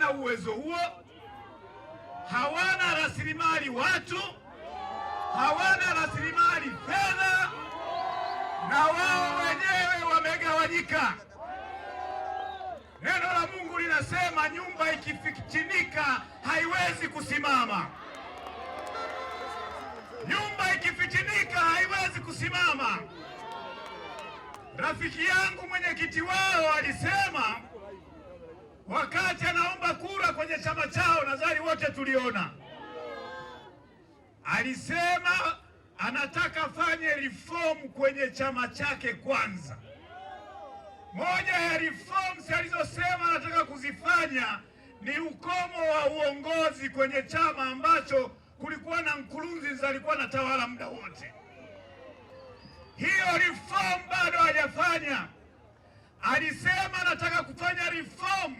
hawana uwezo huo, hawana rasilimali watu, hawana rasilimali fedha, na wao wenyewe wamegawanyika. Neno la Mungu linasema nyumba ikifichinika haiwezi kusimama. Nyumba ikifichinika haiwezi kusimama. Rafiki yangu mwenyekiti wao alisema waka kwenye chama chao, nadhani wote tuliona, alisema anataka afanye reform kwenye chama chake kwanza. Moja ya reforms alizosema anataka kuzifanya ni ukomo wa uongozi kwenye chama ambacho kulikuwa na Nkurunziza alikuwa anatawala muda wote. Hiyo reform bado hajafanya. Alisema anataka kufanya reform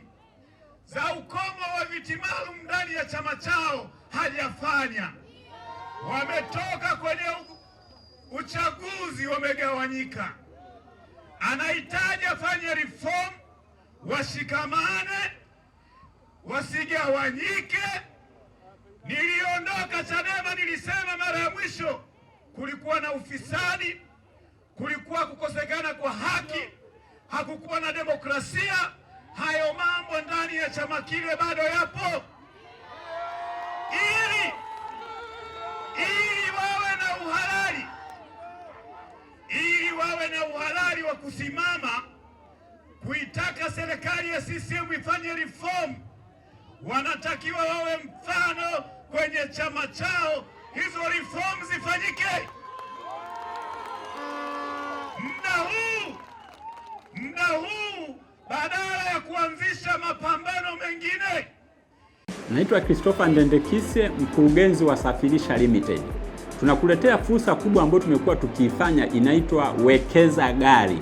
chama chao hajafanya. Wametoka kwenye uchaguzi wamegawanyika, anahitaji afanye reform, washikamane, wasigawanyike. Niliondoka Chadema, nilisema mara ya mwisho kulikuwa na ufisadi, kulikuwa kukosekana kwa haki, hakukuwa na demokrasia. Hayo mambo ndani ya chama kile bado yapo. wawe na uhalali wa kusimama kuitaka serikali ya CCM ifanye reform. Wanatakiwa wawe mfano kwenye chama chao, hizo reform zifanyike. Muda huu muda huu badala ya kuanzisha mapambano mengine. Naitwa Christopher Ndendekise, mkurugenzi wa Safirisha Limited tunakuletea fursa kubwa ambayo tumekuwa tukiifanya, inaitwa wekeza gari.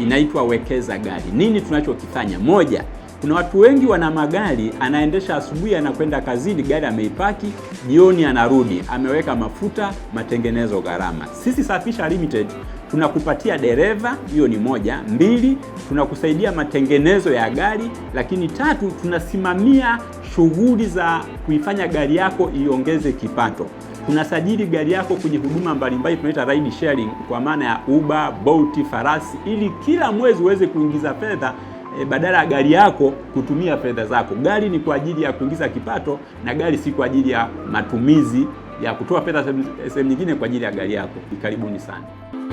Inaitwa wekeza gari. Nini tunachokifanya? Moja, kuna watu wengi wana magari, anaendesha asubuhi, anakwenda kazini, gari ameipaki, jioni anarudi, ameweka mafuta, matengenezo, gharama. Sisi Safisha Limited tunakupatia dereva, hiyo ni moja. Mbili, tunakusaidia matengenezo ya gari, lakini tatu, tunasimamia shughuli za kuifanya gari yako iongeze kipato unasajili gari yako kwenye huduma mbalimbali tunaita ride sharing, kwa maana ya Uber, Bolt, Farasi, ili kila mwezi uweze kuingiza fedha e, badala ya gari yako kutumia fedha zako. Gari ni kwa ajili ya kuingiza kipato, na gari si kwa ajili ya matumizi ya kutoa fedha sehemu nyingine kwa ajili ya gari yako. Karibuni sana.